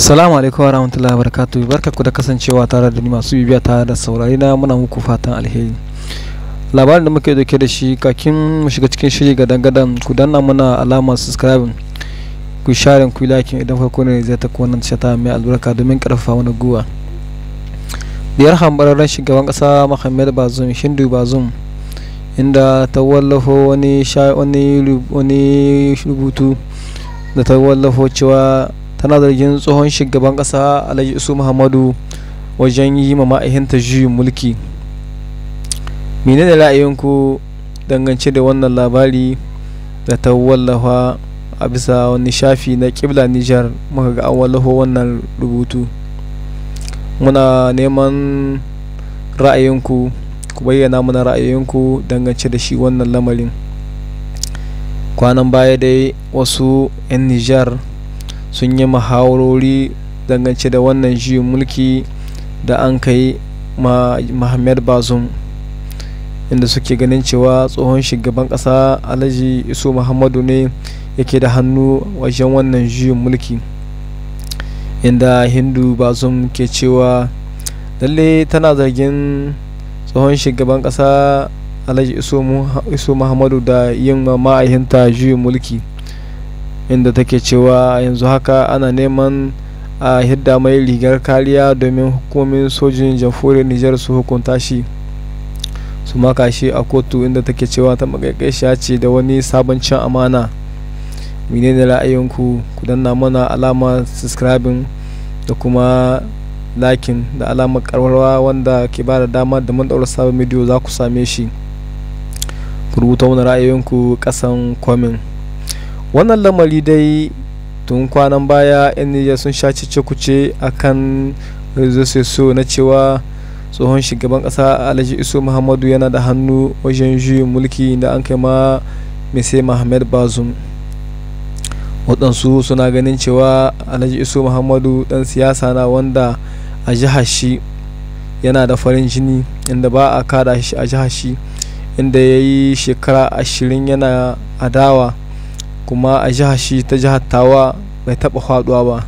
Salamu alaikum wa rahmatullahi wa barka ku da kasancewa tare da ni masu bibiya tare da saurari na muna muku fatan alheri labarin da muke dauke da shi kakin mu shiga cikin shiri ga dangadan ku danna muna alamar subscribe ku share ku like idan farko ne zai ta ta shata mai albarka domin karfafa wani guwa biyar hambararren shugaban kasa Muhammad Bazoum Shindu bazum inda ta wallafo wani wani rubutu da ta wallafo cewa tana zargin tsohon shugaban kasa alhaji isu muhammadu wajen yi ma ma'ahinta juyin mulki menene ra'ayinku dangance da wannan labari da ta wallafa a bisa wani shafi na kibla nijar muka ga an wallafa wannan rubutu muna neman ra'ayinku ku bayyana mana ra'ayinku dangance da shi wannan lamarin kwanan baya dai wasu 'yan nijar sun yi muhawarori dangance da wannan juyin mulki da an kai muhammad bazum inda suke ganin cewa tsohon shugaban kasa alhaji isu muhammadu ne yake da hannu wajen wannan juyin mulki inda hindu bazum ke cewa lalle tana zargin tsohon shugaban kasa alhaji isu muhammadu da yin ma'ahinta juyin mulki inda take cewa yanzu haka ana neman a hidda mai rigar kariya domin hukumomin sojin jamhuriyar nijar su hukunta shi su maka shi a kotu inda take cewa ta magaƙaishiya ce da wani sabon cin amana menene ra'ayinku ku danna mana alama subscribing da kuma lakin da alamar karwarwa wanda ke bada dama da mun daura sabon bidiyo za ku same shi ku rubuta wani ra'ayinku kasan kwamin wannan lamari dai tun kwanan baya yan nijar sun sha cece kuce akan so na cewa tsohon shugaban kasa alhaji iso muhammadu yana da hannu wajen juyin mulki da an kai ma mese mohamed bazum waɗansu suna ganin cewa alhaji iso muhammadu ɗan siyasa na wanda a jihar shi yana da farin jini inda ba a kada shi a jihar shi inda ya yi shekara ashirin yana adawa kuma a jiha shi ta jihar tawa bai taɓa faduwa ba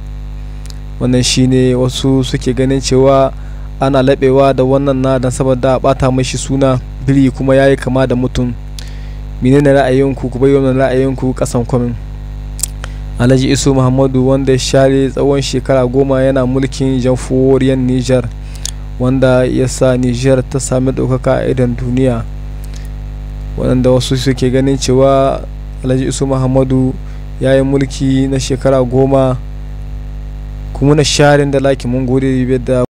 wannan shine wasu suke ganin cewa ana laɓewa da wannan na don saboda bata mashi suna biri kuma yayi kama da mutum menene ra'ayinku ku bayyana ra'ayinku kasan kwamin alhaji isu muhammadu wanda ya share tsawon shekara goma yana mulkin jamhuriyar niger wanda ya sa niger ta sami ɗaukaka a idan duniya waɗanda wasu suke ganin cewa alhaji isu muhammadu ya yi mulki na shekara goma kuma na sharin da laki mun gode da